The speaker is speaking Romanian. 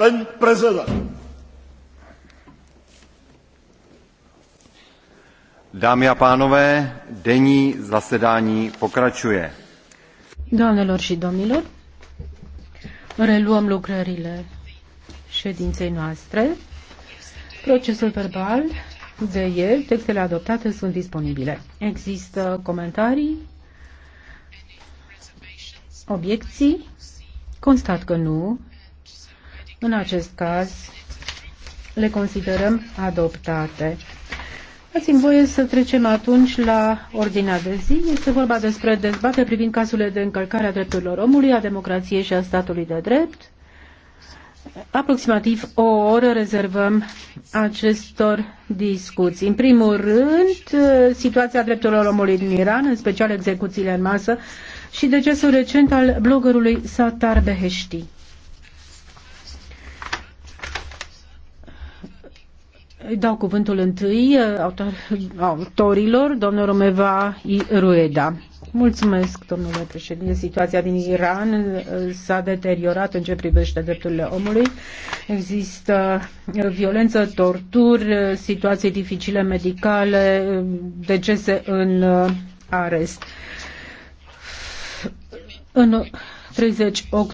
Pan a pánové, denní zasedání pokračuje. Doamnelor și domnilor, reluăm lucrările ședinței noastre. Procesul verbal de ieri, textele adoptate sunt disponibile. Există comentarii, obiecții? Constat că nu în acest caz, le considerăm adoptate. Dați-mi voie să trecem atunci la ordinea de zi. Este vorba despre dezbatere privind cazurile de încălcare a drepturilor omului, a democrației și a statului de drept. Aproximativ o oră rezervăm acestor discuții. În primul rând, situația drepturilor omului din Iran, în special execuțiile în masă și decesul recent al bloggerului Satar Beheshti. Îi dau cuvântul întâi uh, autor, autorilor, domnul Romeva I. Rueda. Mulțumesc, domnule președinte. Situația din Iran uh, s-a deteriorat în ce privește drepturile omului. Există uh, violență, torturi, situații dificile medicale, decese în arest. În 30 octombrie